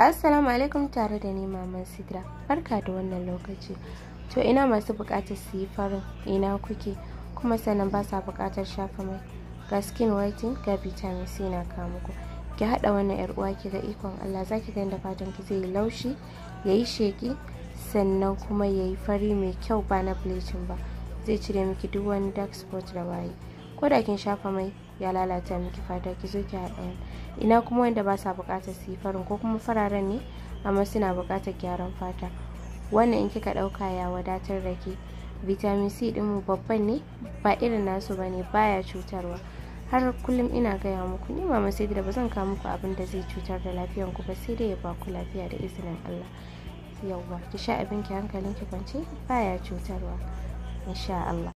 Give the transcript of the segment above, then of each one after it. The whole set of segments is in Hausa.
Assalamu alaikum tare da ni Maman Sidra. Barka da wannan lokaci. To ina masu bukatar su yi farin ina kuke kuma sannan ba sa buƙatar shafa mai. Ga skin whitening ga vitamin C na kamuku. Ki haɗa wannan yar uwa ki ga ikon Allah za ki ganda fatan ki zai laushi yayi sheki sannan kuma yayi fari mai kyau ba na bleaching ba. Zai cire miki duk wani dark spot da waye. Ko da shafa mai ya lalata miki fata ki zo ki haɗa ina kuma wanda ba sa buƙatar su yi farin ko kuma fararen ne amma suna buƙatar gyaran fata wannan in kika ɗauka ya wadatar da ke vitamin c ɗinmu babban ne ba irin nasu ba ne baya cutarwa har kullum ina gaya muku ni mama sai da ba zan kawo muku abin da zai cutar da lafiyan ku ba sai dai ya ba ku lafiya da izinin Allah yauwa ki sha abin ki hankalin ki kwance baya cutarwa insha Allah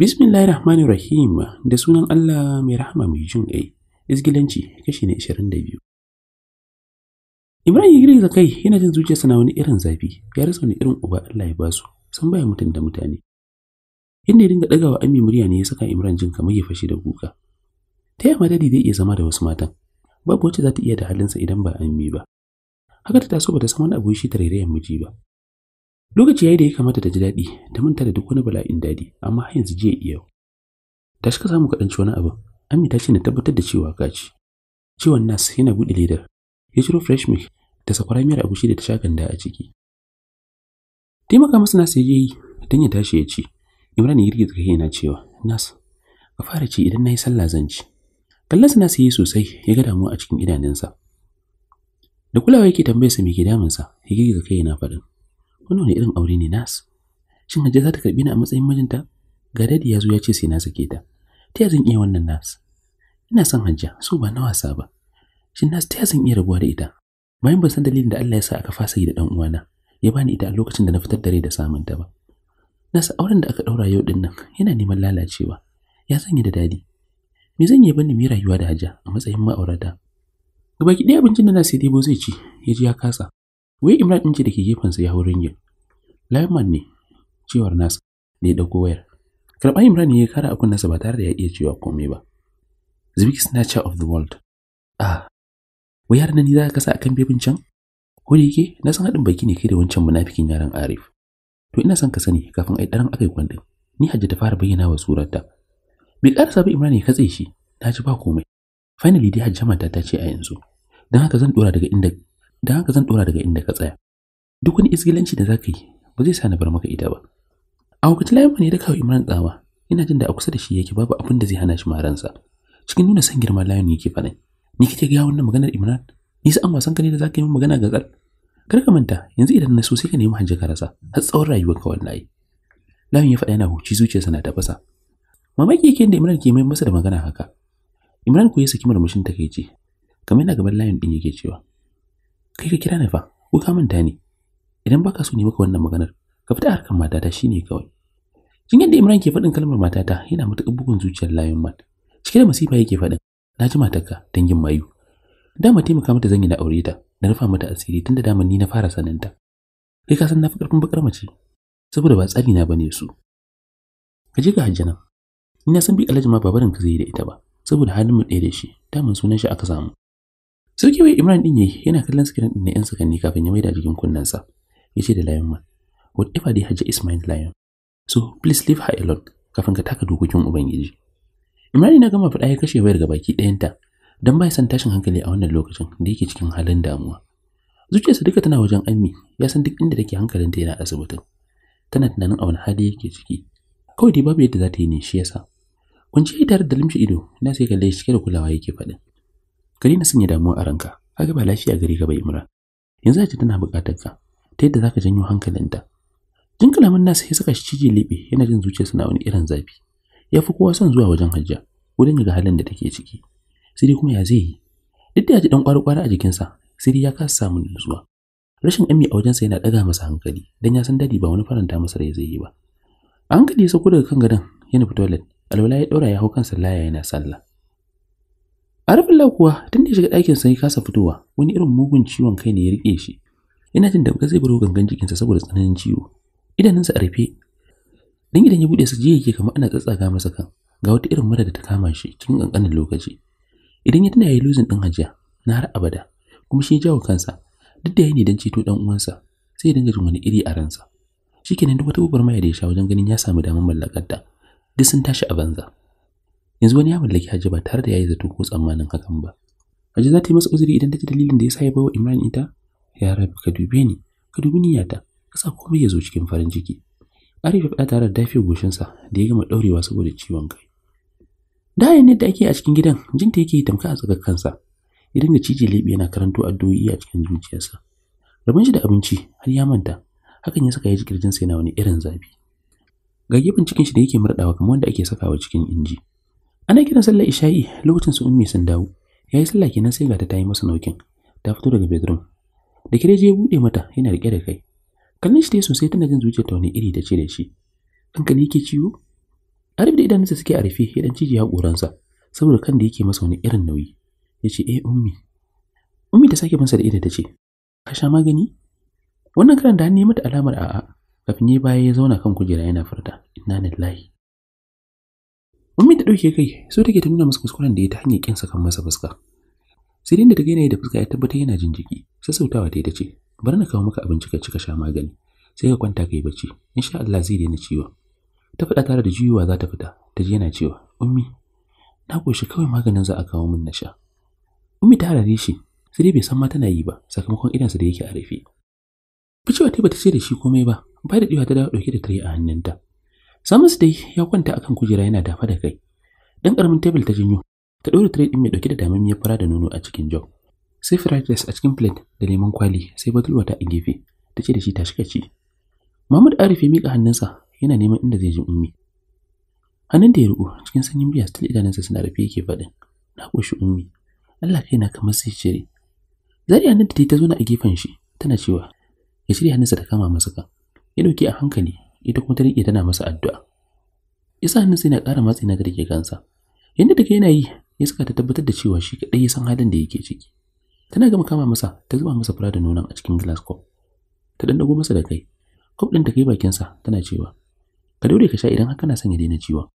Bismillahir Rahmanir Rahim da sunan Allah mai rahama mai jin ƙai. Izgilanci kashi na 22. Ibrahim ya girgiza kai yana jin zuciyarsa na wani irin zafi, ya rasa wani irin uba Allah ya basu, san baya mutum da mutane. Inda ya dinga ɗagawa Ami murya ne ya saka Imran jin kamar ya fashe da kuka. Ta yaya madadi zai iya zama da wasu matan? Babu wacce za ta iya da halinsa idan ba Ami ba. Haka ta taso ta san wani abu shi tarairayen miji ba, lokaci yayi da ya kamata ta ji daɗi ta manta da duk wani bala'in daɗi amma har yanzu jiya iya ta shi samu kaɗan wani abu ami ta ce na tabbatar da cewa ka ciwon nas yana buɗe ledar ya ciro fresh milk da sakwara miyar agushi da ta sha ganda a ciki taimaka masa nas ya yi don ya tashi ya ci imran ya girgiza kai yana cewa nas ka fara ci idan na yi sallah zan ci kallonsa nas ya yi sosai ya ga damuwa a cikin idanunsa da kulawa yake tambayar sa me ke damunsa ya girgiza kai yana faɗin wannan wani irin aure ne nas shin hajiya za ta karbi ni a matsayin mijinta ga dadi ya zo ya ce sai na sake ta ta zan iya wannan nas ina son hajiya so ba na wasa ba shin nas ta zan iya rabuwa da ita bayan ban san dalilin da Allah ya sa aka fasa yi da dan uwana ya bani ita a lokacin da na fitar da rai da samun ta ba nas auren da aka daura yau din nan yana neman lalacewa ya sanya da dadi me zan yi bani mi rayuwa da hajiya a matsayin ma'aurata gaba ki ɗaya abincin da na sai dai zai ci ya ji ya kasa wai imran ɗin ce da ke gefensa ya hau ringin lineman ne cewar nasa da ya ɗauko wayar karɓar imran ya kara a kunnensa ba tare da ya iya cewa komai ba the biggest nature of the world ah wai nan ni za ka kasa akan bebin can ko da yake na san haɗin baki ne kai da wancan munafikin yaran arif to ina son ka sani kafin ai daren akai kwandin ni hajji ta fara bayyana wa surarta bai ƙarasa ba imran ya katse shi na ji ba komai finally dai hajjama ta ta ce a yanzu don haka zan dora daga inda don haka zan dora daga inda ka tsaya duk wani isgilanci da zaka yi ba zai sani na bar maka ita ba a hukunci layan ne da kawo imran tsawa ina jin da a kusa da shi yake babu abin da zai hana shi maransa cikin nuna san girman layin yake faɗin ni kike ga wannan maganar imran ni an wasan ka ne da za ka yi magana ga tsar kar ka manta yanzu idan na so sai ka nemi hajji ka rasa har tsawon rayuwar rayuwarka wallahi layin ya faɗa yana huci zuciyarsa na tafasa mamaki yake da imran ke mai masa da magana haka imran ko ya saki murmushin takeici kamar yana gaban layin din yake cewa kai ka kira ni fa ko ka manta ni idan baka so ni maka wannan maganar ka fita harkar matata shine kawai kin yadda Imran ke faɗin kalmar matata yana matuƙar bugun zuciyar layin mata cike da masifa yake faɗin na ji matarka dangin mayu dama taimaka mata zan yi na aure ta na rufa mata asiri tunda dama ni na fara saninta kai ka san na fi ƙarfin bakar mace saboda ba tsari na bane su ka je ka hajjana ina san bi alhaji ma babarin ka zai yi da ita ba saboda halin mu ɗaya da shi daman sunan shi aka samu Sarki mai Imran din yayi yana kallon sikirin din na 'yan sakanni kafin ya maida jikin kunnensa. Ya ce da Lion ma, What if I Hajji Ismail Lion? So please leave her alone kafin ka taka dokokin Ubangiji. Imran na gama faɗa ya kashe wayar ga baki ɗayanta don bai san tashin hankali a wannan lokacin da yake cikin halin damuwa. Zuciyarsa duka tana wajen Ammi, ya san duk inda take hankalinta yana asibitin. Tana tunanin a wani hali yake ciki. Kawai dai babu yadda za ta yi ne shi yasa. Kun ci tare da limshi ido, na sai kalle shi cike da kulawa yake faɗin. ka na sanya damuwa a ranka A gaba, lafiya gari gaba imran yanzu ce tana buƙatar ka ta yadda zaka janyo hankalinta jin kalaman nasa ya saka shi cije leɓe. yana jin zuciyarsa na wani irin zafi ya fi kowa son zuwa wajen hajja wurin ya ga halin da take ciki sai kuma ya zai yi duk da ya ji dan kwari-kwari a jikinsa sai ya kasa samu nutsuwa rashin ami a wajensa yana daga masa hankali dan ya san dadi ba wani faranta masa rai zai yi ba a hankali ya sauko daga kan gadon yana fito alwala ya daura ya hau kansa laya yana sallah A rufin kuwa tun da ya shiga ɗakin sai kasa fitowa wani irin mugun ciwon kai ne ya riƙe shi. Ina jin da zai baro gangan jikinsa saboda tsananin ciwo. Idanunsa a rufe. Dan idan ya buɗe su jiya yake kama ana tsatsaga masa kan. Ga wata irin mura da ta kama shi cikin kankanin lokaci. Idan ya tuna yi losing ɗin hajiya na har abada kuma shi ya jawo kansa duk da ya yi ne don ceto ɗan uwansa sai ya dinga jin wani iri a ransa. kenan duk wata gubar maya da ya sha wajen ganin ya samu damar mallakar ta. Duk sun tashi a banza. yanzu wani ya mallaki Haji ba tare da yayi zato ko tsammanin hakan ba Haji za ta yi masa uzuri idan ta ji dalilin da ya sa ya bawa Imran ita ya rabi ka dube ni ka dubi niyyata ka sa komai ya zo cikin farin ciki Arif ya faɗa tare da dafi goshinsa da ya gama ɗaurewa saboda ciwon kai Dayan ne da ake a cikin gidan jinta yake tamka a tsakar kansa Idan da cije leɓe yana karanto addu'o'i a cikin zuciyarsa rabin shi da abinci har ya manta hakan ya saka ya ji kirjinsa yana wani irin zafi ga gefen cikin shi da yake murɗawa kamar wanda ake sakawa cikin inji ana kiran sallar isha'i lokacin su ummi sun dawo ya yi sallah kenan sai ga ta yi masa nokin ta fito daga bedroom da kire ya bude mata yana rike da kai kallon shi ta sosai tana jin zuciyar ta wani iri ta ce da shi kanka ne yake ciwo arif da idanunsa suke a rufe ya dan ya haƙoransa saboda kan da yake masa wani irin nauyi ya ce eh ummi ummi ta sake masa da ido ta ce ka sha magani wannan karan da hannu mata alamar a'a kafin ya baya ya zauna kan kujera yana furta inna lillahi Mummy da ɗauke kai, so take ta nuna masa kuskuren da ya ta hanyar kin saka masa fuska. Sai da ta gaina da fuska ya tabbata yana jin jiki, sassautawa ta ta ce, "Bari na kawo maka abinci ka cika sha magani, sai ka kwanta kai bacci, insha Allah zai daina ciwo. Ta faɗa tare da juyuwa za ta fita, ta ji yana cewa, "Ummi, na koshi kawai maganin za a kawo min na sha." Ummi ta harare shi, sai dai bai san ma tana yi ba, sakamakon idansa da yake a rafi. Ficewa ta bata ce da shi komai ba, ba da ta dawo ɗauke da tare a hannunta. Samus dai ya kwanta akan kujera yana dafa da kai. Dan ƙaramin table ta janyo, ta ɗora tray ɗin mai ɗauke da damammiyar fara da nono a cikin jaw. Sai fried rice a cikin plate da lemon kwali sai bottle ta a gefe, ta ce da shi ta shiga ci. Mahmud Arif ya miƙa hannunsa yana neman inda zai ji ummi. Hannun da ya riko cikin sanyin biya still idanunsa suna rufe yake faɗin. Na ƙoshi ummi. Allah kai na kamar sai cire. Zariya nan da ta zo na a gefen shi tana cewa ya shirya hannunsa ta kama masa ka. Ya ɗauki a hankali ita kuma ta riƙe tana masa addu'a isa hannun sai na ƙara matsi na da gansa kansa yadda take yana yi ya saka ta tabbatar da cewa shi kaɗai ya san halin da yake ciki tana gama kama masa ta zuba masa fura da nonon a cikin glass cup ta dan masa da kai cup ɗin ta kai bakinsa tana cewa ka daure ka sha idan haka na son ya daina ciwon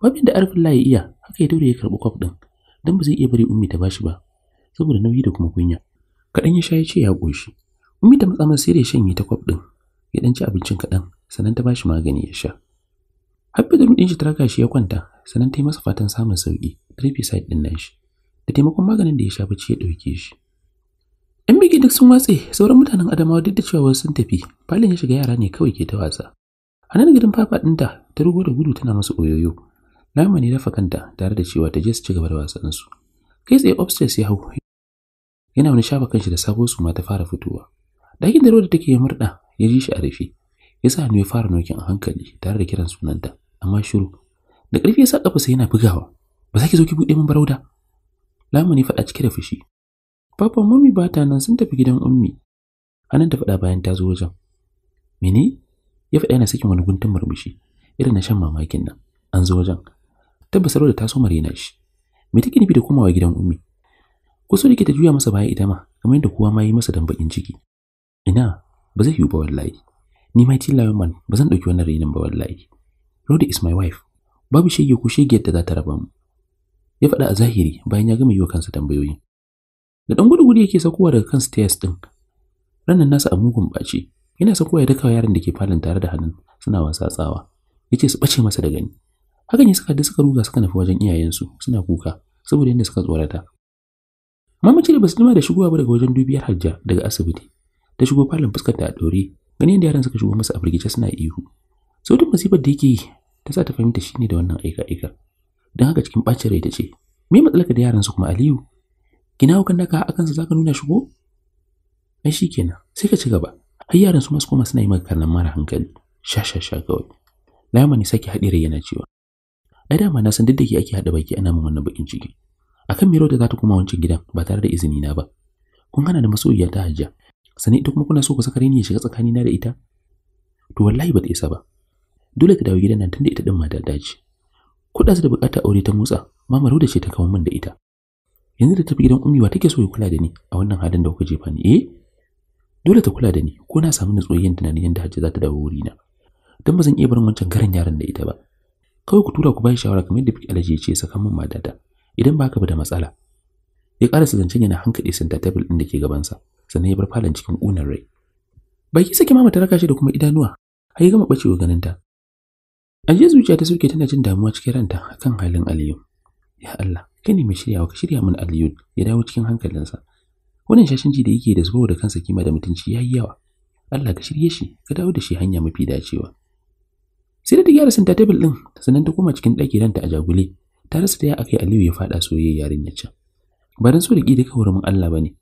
babu da arfin layi iya haka ya daure ya karɓi cup ɗin don ba zai iya bari ummi ta bashi ba saboda nauyi da kuma kunya kaɗan ya sha ya ce ya ƙoshi ummi ta matsa masa sai da ya shanye ta kwaf ɗin ya dan ci abincin kaɗan sannan ta ba shi magani ya sha habbi da ɗin shi ta raka shi ya kwanta sannan ta yi masa fatan samun sauki rufe side ɗin shi. da taimakon maganin da ya sha bacci ya ɗauke shi yan biki duk sun watse sauran mutanen adamawa duk da cewa wasu sun tafi falin ya shiga yara ne kawai ke ta wasa a nan gidan fafa ɗinta ta rugo da gudu tana masa oyoyo Lama ne rafa kanta tare da cewa ta je su ci gaba da wasansu. Kai tsaye upstairs ya hau yana wani shafa kanshi da sabo su ma ta fara fitowa. Ɗakin da da take ya murɗa ya ji shi a rufe ya sa hannu ya fara nokin a hankali tare da kiran sunanta amma shiru da ƙarfi ya sa ƙafarsa yana bugawa ba za ki zo ki buɗe min barauda lamuni faɗa cike da fushi papa mummy ba ta nan sun tafi gidan ummi hannun ta faɗa bayan ta zo wajen mene ya faɗa yana sakin wani guntun murmushi irin na shan mamakin nan an zo wajen tabbas da ta so marina shi me take nufi da komawa gidan ummi ko so ta juya masa baya ita ma kamar yadda kowa ma yi masa dambakin ciki ina ba zai yiwu ba wallahi ni mai tilla man ba zan dauki wannan rainin ba wallahi Rhoda is my wife babu shege ko Shege da za ta raba mu ya faɗa a zahiri bayan ya gama yiwa kansa tambayoyi da ɗan gudu-gudu yake sakowa daga kan stairs ɗin Rannan nasa a mugun bace yana sakowa ya dakawa yaran da ke falon tare da hannun suna wasa tsawa ya ce su ɓace masa da gani hakan ya saka da suka ruga suka nufi wajen iyayensu suna kuka saboda yadda suka tsorata mamaci da basu jima da shigowa ba daga wajen dubiyar hajja daga asibiti ta shigo falon fuskar ta a ɗore yadda da yaran suka shigo masa a firgice suna ihu sautin masifar da yake yi ta sa ta fahimta shine da wannan aika-aika don haka cikin ɓacin rai ta ce me matsalaka da yaran su kuma aliyu kina hukan naka akan su zaka nuna shigo ai kenan sai ka ci gaba har yaran su masu koma suna yi maka kallon mara hankali sha sha sha kawai lamar ne sake haɗe rai yana cewa ai dama na san duk ake haɗa baki ana mun wannan bakin ciki akan miro da za ta koma wancan gidan ba tare da izini na ba kun hana da masoyiya ta hajjia Sani ita kuma kuna so ku saka reni ya shiga tsakanina da ita to wallahi ba ta isa ba dole ka dawo gidan nan tunda ita din ma daji kuɗa su da bukata aure ta motsa mama da ce ta kawo min da ita yanzu da tafi gidan ummi wa take so ya kula da ni a wannan halin da kuka jefa ni eh dole ta kula da ni ko na samu nutsoyin tunanin yadda hajji za ta dawo wuri na dan ba zan iya barin wancan karan yaran da ita ba kawai ku tura ku bayi shawara kamar yadda fiki alaji ya ce saka min madada idan ba ka ba da matsala ya ƙarasa zancen yana hankali ta tabil ɗin da ke gabansa sannan ya bar falon cikin ƙunar rai baki sake mama ta raka shi da kuma idanuwa har ya gama bacewa ganinta a zuciya ta soke tana jin damuwa cikin ranta a kan halin aliyu ya Allah kai ne mai shiryawa ka shirya min aliyu ya dawo cikin hankalinsa wannan ji da yake da zubo da kansa kima da mutunci ya yi yawa Allah ka shirye shi ka dawo da shi hanya mafi dacewa sai da ta gyara santa table ɗin sannan ta koma cikin ɗaki ranta a jagule ta rasa ta ya yi Aliyu ya faɗa soyayya yarinya can ba don so da ƙi da kawarin Allah ba ne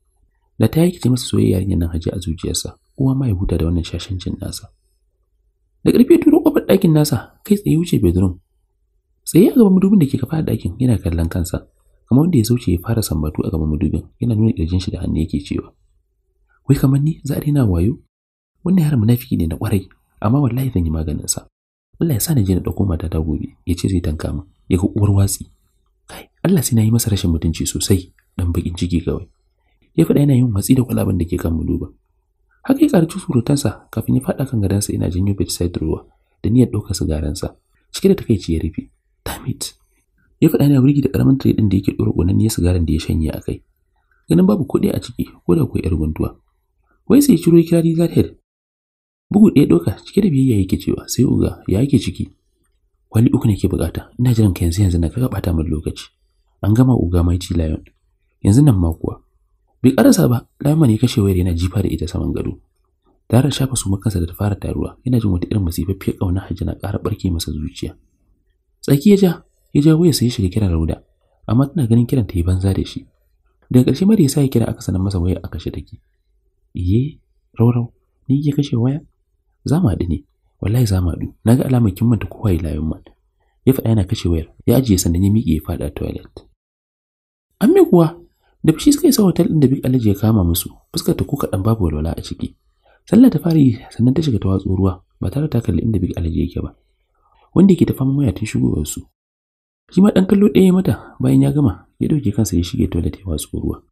ta ya yake masa soyayya yarinyar nan haji a zuciyarsa, uwa ma huta da wannan shashancin nasa. Da ƙarfi turo kofar ɗakin nasa, kai tsaye wuce bedroom. Tsaye a gaban madubin da ke kafa a ɗakin yana kallon kansa, kamar wanda ya zauce ya fara sambatu a gaban madubin yana nuna ƙirjin shi da hannu yake cewa. Wai kamar ni za a daina wayo? Wannan yaron munafiki ne na kwarai amma wallahi zan yi maganin sa. Allah ya sa ni je na ɗauko matata gobe, ya ce zai tanka min, ya ga uwar watsi. Kai, Allah sai na yi masa rashin mutunci sosai, dan bakin ciki kawai. ya faɗa yana yin matsi da kwalaban da ke kan duba. Haka ya ƙarci surutansa kafin ya faɗa kan gadansa ina janyo bedside ruwa da niyyar ɗaukar sigaransa cike da takaici ya rufe. Damn it! Ya faɗa yana wurgi da ƙaramin tire ɗin da yake ɗora ya sigaran da ya shanye a kai. Ganin babu kuɗi a ciki ko da kuwa ‘yar guntuwa. Wai sai ya ciro ya kira Lizard Head. Bugu ɗaya ɗauka cike da biyayya yake cewa sai uga ya yake ciki. Kwali uku ne ke bukata ina jiran ka yanzu yanzu na ka ɓata min lokaci. An gama uga mai ci lion. Yanzu nan ma kuwa. bai karasa ba lama kashe wayar yana jifa da ita saman gado tare da shafa su makansa da ta fara taruwa yana jin wata irin masifaffiyar kauna hajji na ƙara barke masa zuciya tsaki ya ja ya ja waya sai ya shiga kiran rauda amma tana ganin kiran ta yi banza da shi daga ƙarshe mara ya sa ya kira aka sanar masa waya a kashe take iye raurau ni ya kashe waya za mu haɗu ne wallahi za mu haɗu na ga alamar kin manta kowa ya layin man ya faɗa yana kashe wayar ya ajiye sannan ya miƙe ya faɗa toilet an me kuwa da fushi suka sa hotel ɗin da Big Alhaji ya kama musu, fuskar ta kuka dan babu walwala a ciki. Sallah ta fara yi sannan ta shiga ta watsu ruwa ba tare ta kalli inda Big alaji yake ba. Wanda yake ta fama waya tun shigowar su. Shi ma dan kallo ɗaya mata bayan ya gama ya dauke kansa ya shige toilet ya watsu ruwa.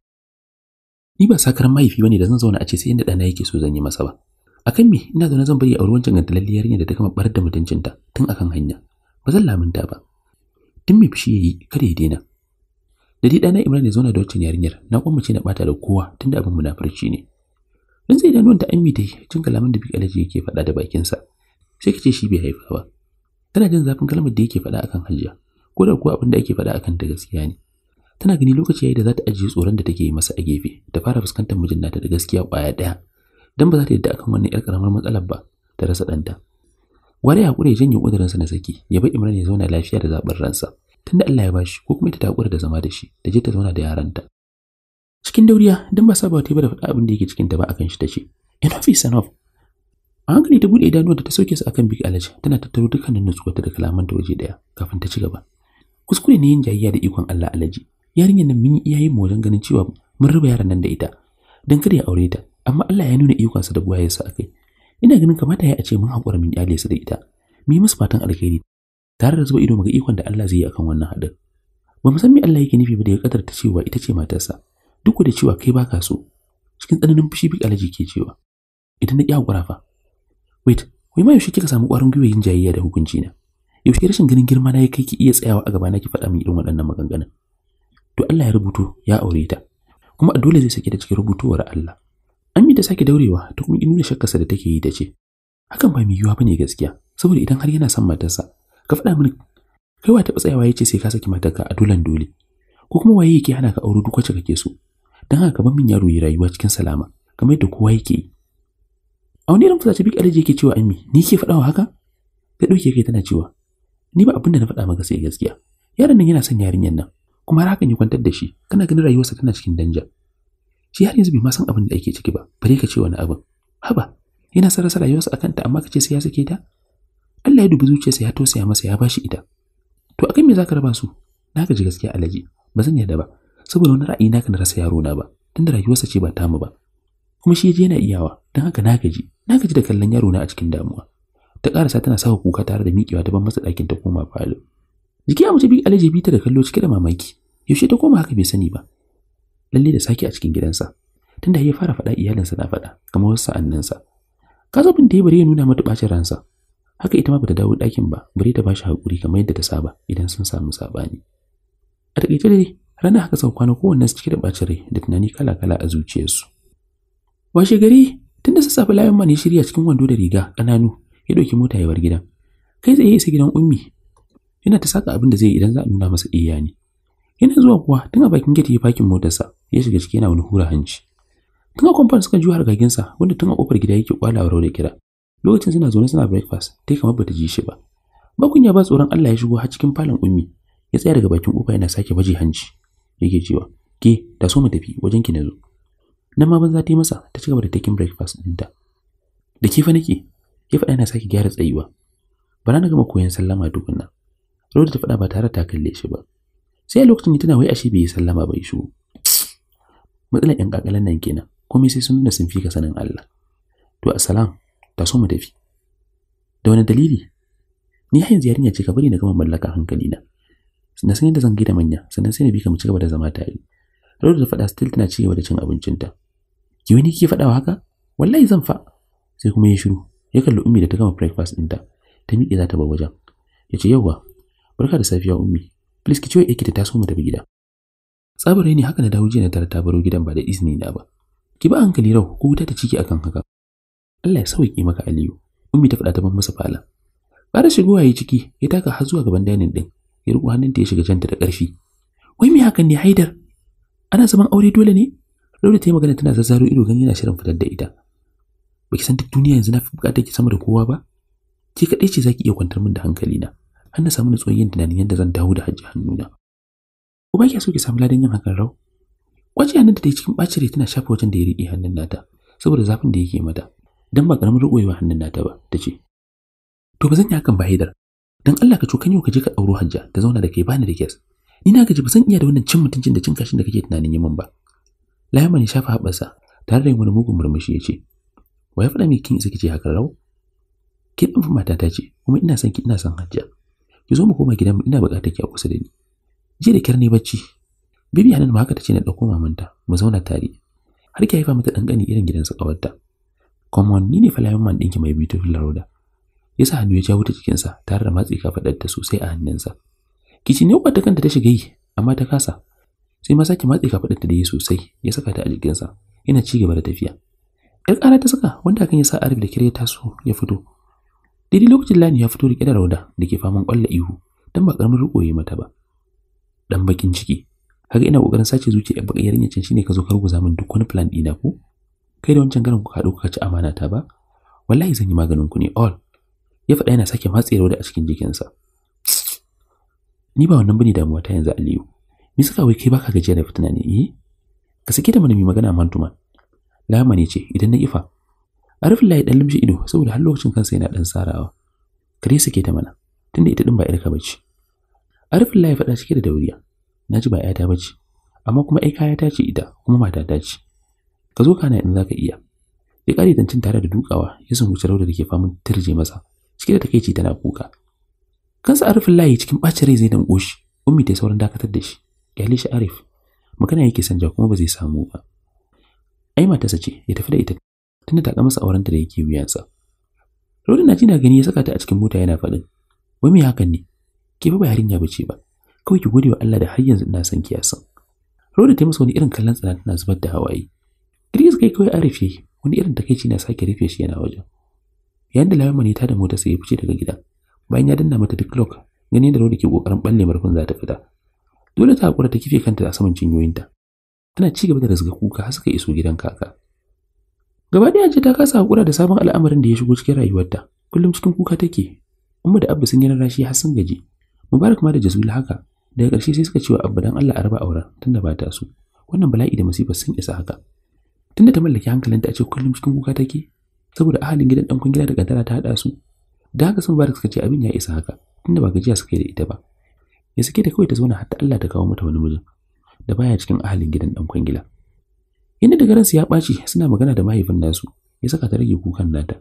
Ni ba sakar mahaifi bane da zan zauna a ce sai inda dana yake so zan yi masa ba. Akan me ina zaune zan bari a wancan gantalalliyar yarinya da ta gama bar da mutuncinta tun akan hanya. Ba zan laminta ba. Tun mai fushi ya yi kada ya daina. da ji ɗana imran ya zauna da waccan yarinyar na mace na bata da kowa tunda abin munafurci ne dan sai dan ta ammi ta yi cin kalaman da bi alaji yake faɗa da bakinsa sai kace shi bai haifa ba tana jin zafin kalmar da yake faɗa akan hajiya ko da kuwa abin da ake faɗa akan ta gaskiya ne tana gani lokaci yayi da za ta ajiye tsoron da take yi masa a gefe ta fara fuskantar mijin nata da gaskiya kwaya ɗaya dan ba za ta yadda akan wannan yar karamar matsalar ba ta rasa ɗanta Wari hakuri ya janye ƙudurinsa na saki ya bar imran ya zauna lafiya da zaɓin ransa tunda Allah ya bashi ko kuma ita ta kura da zama da shi da je ta zauna da yaranta cikin dauriya dan ba saba ta ba da faɗa abin da yake cikin ta ba akan shi tace enough is enough a hankali ta bude idanuwa da ta soke su akan big alaji tana tattaro dukkanin nutsuwarta da kalaman ta waje daya kafin ta ci gaba kuskure ne yin jayayya da ikon Allah alaji yarinyar nan mun yi iyaye mu wajen ganin cewa mun raba yaran nan da ita dan kada ya aure ta amma Allah ya nuna ikonsa da a akai ina ganin kamata ya a ce mun haƙura min yale su da ita mu yi musu fatan alheri tare da zuba ido muga ikon da Allah zai yi akan wannan hadin. Ba mu san me Allah yake nufi ba da ya kadarta cewa ita ce matarsa, duk da cewa kai baka so. Cikin tsananin fushi bi alaji ke cewa, idan na ƙi haƙura fa. Wait, wai ma yaushe kika samu ƙwarin gwiwa yin jayayya da hukunci na? Yaushe rashin ganin girma na ya kai ki iya tsayawa a gaba na ki faɗa min irin waɗannan maganganun? To Allah ya rubuto ya aure ta, kuma a dole zai saki da cikin rubutuwar Allah. an yi ta sake daurewa ta kuma nuna shakkarsa da take yi da ce, Hakan ba mai yiwuwa bane gaskiya, saboda idan har yana son matarsa, ka faɗa mini kai wa taɓa tsayawa ya ce sai ka saki matarka a dolan dole ko kuma waye yake hana ka aure duk wacce kake so dan haka ka min yaro yi rayuwa cikin salama kamar da kowa yake yi a wani irin fusace big alaji yake cewa ammi ni ke faɗawa haka ta ɗauke kai tana cewa ni ba abin da na faɗa maka sai gaskiya yaron nan yana son yarinyar nan kuma hakan ya kwantar da shi kana ganin rayuwarsa tana cikin danja shi har yanzu bai ma san abin da ake ciki ba bare ka ce wani abin haba yana son rasa rayuwarsa akan ta amma ka sai ya sake ta Allah ya dubi zuciyarsa ya tausaya masa ya bashi ita to akan me zaka raba su na gaji gaskiya alaji ba zan yarda ba saboda wani ra'ayi naka na rasa yaro na ba tunda rayuwarsa ce ba tamu ba kuma shi je yana iyawa don haka na gaji na gaji da kallon yaro na a cikin damuwa ta karasa tana saka kuka tare da miƙewa ta ban masa ɗakin ta koma falo jiki a mace bi alaji bi ta da kallo cike da mamaki yaushe ta koma haka bai sani ba lalle da sake a cikin gidansa tunda ya fara faɗa iyalinsa na faɗa kamar wasu sa'anninsa kasafin da ya bari ya nuna mata ɓacin ransa haka ita ma bata dawo ɗakin ba bari ta bashi haƙuri kamar yadda ta saba idan sun samu saɓani a taƙaice dai rana haka sau kwana kowanne su cike da ɓacin rai da tunani kala kala a zuciyarsu washe gari tun da sassafe layan man shirya cikin wando da riga ƙananu ya ɗauki mota ya bar gidan kai tsaye isa gidan ummi yana ta saka abin da zai idan za a nuna masa iya ne yana zuwa kuwa tun a bakin gate ya fakin motarsa ya shiga ciki yana wani hura hanci tun a kwamfan suka juya hargaginsa wanda tun a kofar gida yake kwalawar da kira lokacin suna zaune suna breakfast ta kamar bata ji shi ba ya ba tsoron Allah ya shigo har cikin falon ummi ya tsaya daga bakin kofa yana sake baje hanci yake cewa ke da so mu tafi wajen ki na zo nan ma banza ta yi masa ta cigaba da taking breakfast ɗinta da ke fa nake ke fa yana sake gyara tsayuwa bana na gama koyon sallama tukunna Rauda ta faɗa ba tare ta kalle shi ba sai a lokacin tana wai ashe bai yi sallama ba shi matsalar 'yan ƙaƙalan nan kenan komai sai sun nuna sun fika sanin Allah to assalam ba so mu tafi da wani dalili ni hayin ziyarinya ya ce ka bari na gama mallaka hankali na na san yadda zan gida manya sannan sai na bi ka mu ci gaba da zama tare Rauda da faɗa still tana cigaba da cin abincinta ki wani ke faɗawa haka wallahi zan fa sai kuma ya shiru ya kalli ummi da ta gama breakfast ɗinta ta miƙe za ta bar wajen ya ce yauwa barka da safiya ummi please ki ciwo yake ta taso mu tafi gida tsabar ne haka na dawo jiya na tara ta baro gidan ba da izini na ba ki ba hankali rau ko wuta ta ciki akan haka Allah ya sauke maka Aliyu ummi ta faɗa ta ban masa fala bara shigowa yi ciki ya taka har zuwa gaban dainin din ya ruku hannunta ya shiga janta da ƙarfi wai me hakan ne Haidar ana zaman aure dole ne Laura ta yi magana tana zazzaro ido gan yana shirin fitar da ita baki san duk duniya yanzu na fi bukatar ki sama da kowa ba ke kaɗai ce zaki iya kwantar min da hankali na har na samu nutsuwar yin tunanin yadda zan dawo da hajji hannuna ko ba ki so ki samu ladan yin hakan rau Kwaci hannunta ta yi cikin ɓacin tana shafa wajen da ya riƙe hannun nata saboda zafin da yake mata dan ba karamin ba hannun nata ba ta ce to ba zan yi hakan ba haidar dan Allah ka cokan yau ka je ka auro hajja ta zauna da kai bani da kes ni na gaji ba zan iya da wannan cin mutuncin da cin kashin da kake tunanin yi min ba layman ne shafa haɓarsa tare da yin wani mugun murmushi ya ce wa ya faɗa mai kin isa kice haka rau ki mata ta ce kuma ina son ki ina son hajja ki zo mu koma gidan mu ina buƙatar ki a kusa da ni jiya da kyar ne bacci bibi nan ma haka tace na ɗauko mamanta mu zauna tare har ki haifa mata ɗan gani irin gidansa ƙawarta Common ni ne falayin man ɗinki mai beautiful Laroda. Ya sa hannu ya jawo ta cikinsa, tare da matsi kafaɗarta sosai a hannunsa. Kici ne ta kanta ta shiga yi, amma ta kasa. Sai ma sake matsi kafaɗarta da yi sosai ya saka ta a jikinsa yana ci gaba da tafiya. ‘Yar ƙara ta saka wanda hakan ya sa Arif da kire ta so ya fito. Daidai lokacin Lani ya fito riƙe da rauda da ke faman kwalla ihu don ba ƙaramin riƙo ya mata ba. Dan bakin ciki. Haka ina ƙoƙarin sace zuciya ya baka yarinya can shine ka zo karguza min duk wani plan ɗina ko? kai da wancan garin ku haɗu kuka ci amana ta ba wallahi zan yi maganin ku ne all ya faɗa yana sake matse da a cikin jikinsa ni ba wannan bane damuwa ta yanzu Aliyu me suka wai kai baka gajiya da fitina ne eh ka sake da mana mai magana mantuman. lama ne ce idan na ifa arifin layi dan limshi ido saboda har lokacin kansa yana dan sarawa kare sake ta mana tunda ita din ba irka bace arifin layi faɗa cike da dauriya naji ba 'yata bace amma kuma ai kaya ta ce ita kuma mata ta ce ka zo kana in zaka iya ya kare zancen tare da dukawa ya wuce rauda da ke famun tirje masa cike da takeici tana kuka kansa arifin layi cikin bacin rai zai dan koshi ummi ta sauran dakatar da shi ya shi arif magana yake sanja kuma ba zai samu ba ai matarsa ce ya tafi da ita tunda ta ga masa aurenta da yake wuyansa Rodin na na gani ya saka ta a cikin mota yana faɗin. Wai me hakan ne? Ke ba yarinya bace ba. Kawai ki gode wa Allah da har yanzu ina son ki yasan. Rodin ta masa wani irin kallon tsana tana zubar da hawaye. Idris kai kawai a rufe wani irin takaici na sake rufe shi yana wajen. Yayin da Lawan ne ta da mota sai ya fice daga gida. Bayan ya danna mata duk lok gani da Rodi ke kokarin balle murfin za ta fita. Dole ta hakura ta kife kanta a saman ta. Tana ci gaba da rasga kuka har suka iso gidan kaka. Gaba ɗaya ce ta kasa hakura da sabon al'amarin da ya shigo cikin rayuwarta. Kullum cikin kuka take. Umma da Abba sun yi rarrashi har sun gaji. Mubarak ma da Jazul haka. Daga ƙarshe sai suka cewa wa Abba dan Allah a raba auren tunda ba ta su Wannan bala'i da masifas sun isa haka. inda ta mallaki hankalinta a ce kullum cikin kuka take saboda ahalin gidan dan gida da kaddara ta hada su da haka sun barak suka ce abin ya isa haka tunda ba gajiya suka yi da ita ba ya suke da kawai ta zauna hatta Allah ta kawo mata wani mijin da baya cikin ahalin gidan dan kwangila inda da garansu ya baci suna magana da mahaifin nasu ya saka ta rage kukan nata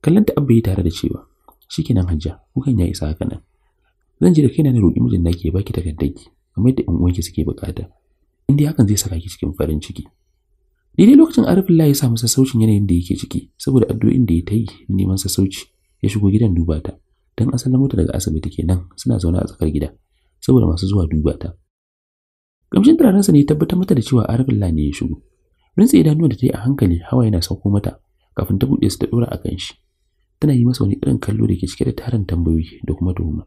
kallon ta abba yi tare da cewa shikenan hajja kukan ya isa haka nan zan ji da kaina na roƙi mijin nake ke baki gaddaki kamar yadda in uwanki suke bukata inda hakan zai saka ki cikin farin ciki daidai lokacin arifin ya samu sassaucin yanayin da yake ciki saboda addu'o'in da ya ta yi neman sassauci ya shigo gidan duba ta don asalin mota daga asibiti kenan suna zaune a tsakar gida saboda masu zuwa duba ta Gamshin turarensa ne ya tabbatar mata da cewa Arabullah ne ya shigo. Rintsa idanuwa da ta yi a hankali hawa yana sauko mata kafin ta buɗe su ta ɗora a kan shi. Tana yi masa wani irin kallo da ke cike da tarin tambayoyi da kuma tuhuma.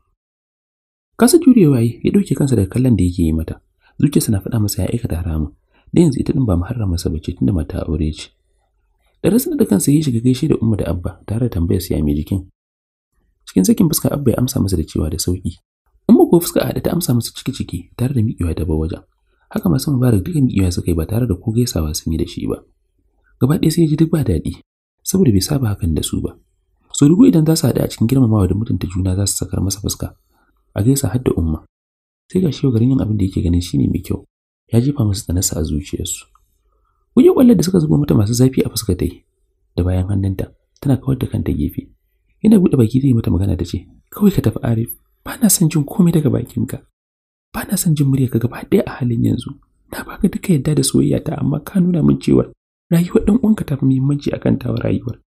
Kasa jurewa ya ɗauke kansa daga kallon da yake yi mata. Zuciyarsa na faɗa masa ya aikata haramun. da yanzu ita din ba muharrama sa bace tunda mata aure ce darasin da kansa ya shiga gaishe da umma da abba tare da tambayar siya mai jikin cikin sakin fuska abba ya amsa masa da cewa da sauki umma ko fuska a ta amsa masa ciki ciki tare da miƙewa ta ba wajen haka masu mubarak duka miƙewa suka yi ba tare da ko gaisawa sun yi da shi ba gaba ɗaya sai ya ji duk ba daɗi saboda bai saba hakan da su ba so dubu idan za su haɗu a cikin girmamawa da mutunta juna za su sakar masa fuska a gaisa har da umma sai ga shi garin yin abin da yake ganin shine mai kyau ya jefa masu tsanarsa a zuciyarsu wuyi kwallon da suka zubo mata masu zafi a fuska ta yi da bayan hannunta tana kawar da kanta gefe yana buɗe baki zai mata magana ta ce kawai ka tafi arif ba na son jin komai daga bakinka ba na son jin muryarka gaba ɗaya a halin yanzu na baka duka yadda da soyayya ta amma ka nuna min cewa rayuwar ɗan uwanka ta fi muhimmanci akan tawa rayuwar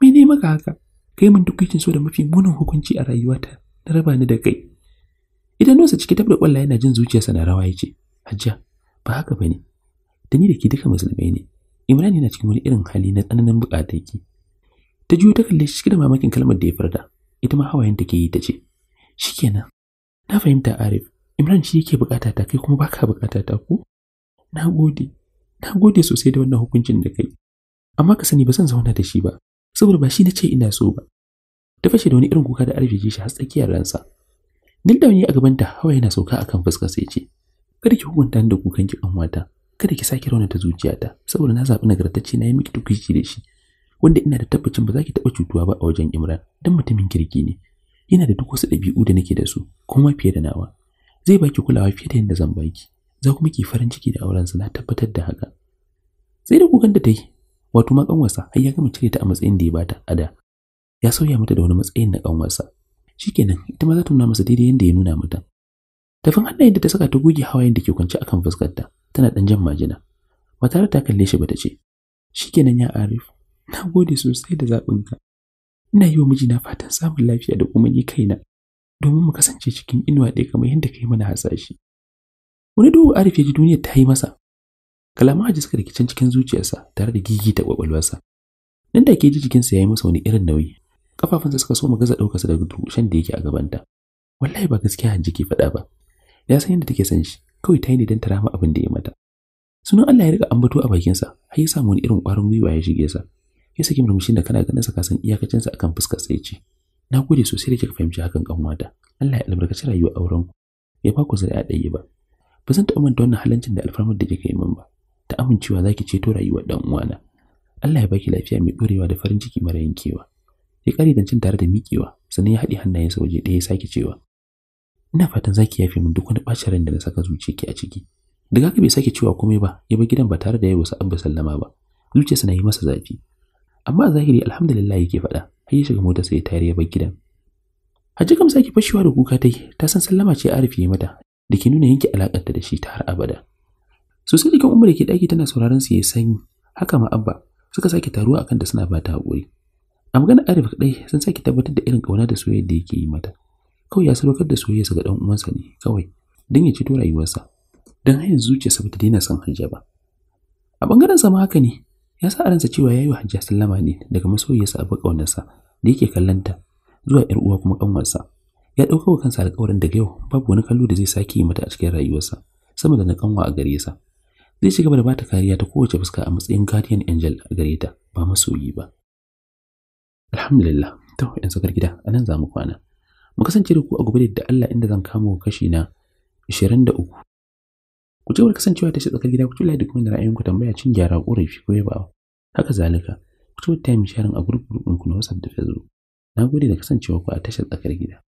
me ne maka haka kai min dukkan so da mafi munin hukunci a rayuwata na raba ni da kai idanunsa nosa ciki da kwallaye yana jin zuciyarsa na rawa ce, hajja ba haka bane da ni da ke duka musulmai ne imran yana cikin wani irin hali na tsananin bukata ki ta juyo ta kalle shi da mamakin kalmar da ya furta ita ma hawayen ke yi ta ce shikenan na fahimta arif imran shi yake bukata ta kai kuma baka bukata ta ko na gode na gode sosai da wannan hukuncin da kai amma ka sani ba zan zauna da shi ba saboda ba shi na ce ina so ba ta fashe da wani irin kuka da arif ji shi har tsakiyar ransa Nil da wani a gabanta hawa yana sauka akan fuskar sai ce, kada ki hukunta ni da kukan ki kanwata kada ki sake raunata zuciyata saboda na zaɓi nagartacce na yi miki tukuici da shi wanda ina da tabbacin ba za ki taɓa cutuwa ba a wajen Imran dan mutumin kirki ne yana da duk wasu dabi'u da nake da su kuma fiye da nawa zai baki kulawa fiye da yadda zan baki za kuma ki farin ciki da aurensa na tabbatar da haka sai da kukan da ta yi wato ma kanwarsa har ya gama cire ta a matsayin da ya bata a da ya sauya mata da wani matsayin na kanwarsa shikenan ita ma za ta nuna masa daidai yadda ya nuna mata tafin hannayen da ta saka ta goge hawayen da ke kwance akan fuskarta tana dan jan majina ba tare ta kalle shi ba ta ce shikenan ya arif na gode sosai da ka. ina yi wa mijina fatan samun lafiya da kuma ni kaina domin mu kasance cikin inuwa ɗaya kamar yadda kai mana hasashe wani duhu arif ya ji duniyar ta yi masa kalama haji suka rikicin cikin zuciyarsa tare da gigi ta kwakwalwarsa nan da ke ji jikinsa ya yi masa wani irin nauyi kafafunsa suka so mu gaza ɗaukarsa daga dushen da yake a gabanta wallahi ba gaskiya hanji ke faɗa ba ya san yadda take san shi kawai ta yi ne don ta rama abin da ya mata sunan Allah ya rika ambato a bakinsa har ya samu wani irin ƙwarin gwiwa ya shige sa ya saki murmushin da kana ganin sa ka san iyakacinsa akan fuskar sa yace na gode sosai da kika fahimci hakan kan kanwata Allah ya albarkaci rayuwar auren ku ya ba ku a ɗaya ba ba zan taɓa manta wannan halancin da alfarmar da kika yi min ba ta amincewa zaki ceto rayuwar dan uwana Allah ya baki lafiya mai ɗorewa da farin ciki mara yankewa ya kare cin tare da miƙewa sannan ya haɗe hannayensa waje ɗaya ya sake cewa ina fatan zaki yafe min duk wani bacin ran da na saka ki a ciki duk haka bai sake cewa komai ba ya bar gidan ba tare da ya wasu abba sallama ba zuciyarsa na yi masa zafi amma zahiri alhamdulillah yake faɗa har ya shiga motarsa ya tare ya bar gidan Hajji kam sake fashewa da kuka ta yi ta san sallama ce Arif ya mata da ke nuna yanke alakanta da shi ta har abada sosai jikin umar ke daki tana sauraron su ya sanyi haka ma abba suka sake taruwa akan da suna bata ta haƙuri a maganar Arif kaɗai sun sake tabbatar da irin ƙauna da soyayya da yake yi mata kawai ya sadaukar da soyayyarsa ga dan uwansa ne kawai don ya ceto rayuwarsa don har yanzu zuciyarsa ba ta daina son hajja ba a ɓangaren sama haka ne ya sa a ransa cewa ya yi wa hajja sallama ne daga masoyiyarsa a sa da yake kallonta zuwa ‘yar uwa kuma ƙanwarsa ya ɗauka wa kansa alƙawarin daga yau babu wani kallo da zai sake yi mata a cikin rayuwarsa sama da na kanwa a gare sa zai ci gaba da bata kariya ta kowace fuska a matsayin guardian angel a gare ta ba masoyi ba alhamdulillah ta yan sakar gida anan za mu kwana mu kasance da ku a gobe da Allah inda zan kama kashi na 23 ku ce kasancewa ta tsakar gida ku ci da kuma ra'ayin ra'ayinku tambaya cin gyara korafi ko yaba haka zalika ku ci time sharing a group group ɗinku na WhatsApp da Facebook na gode da kasancewa ku a tashar tsakar gida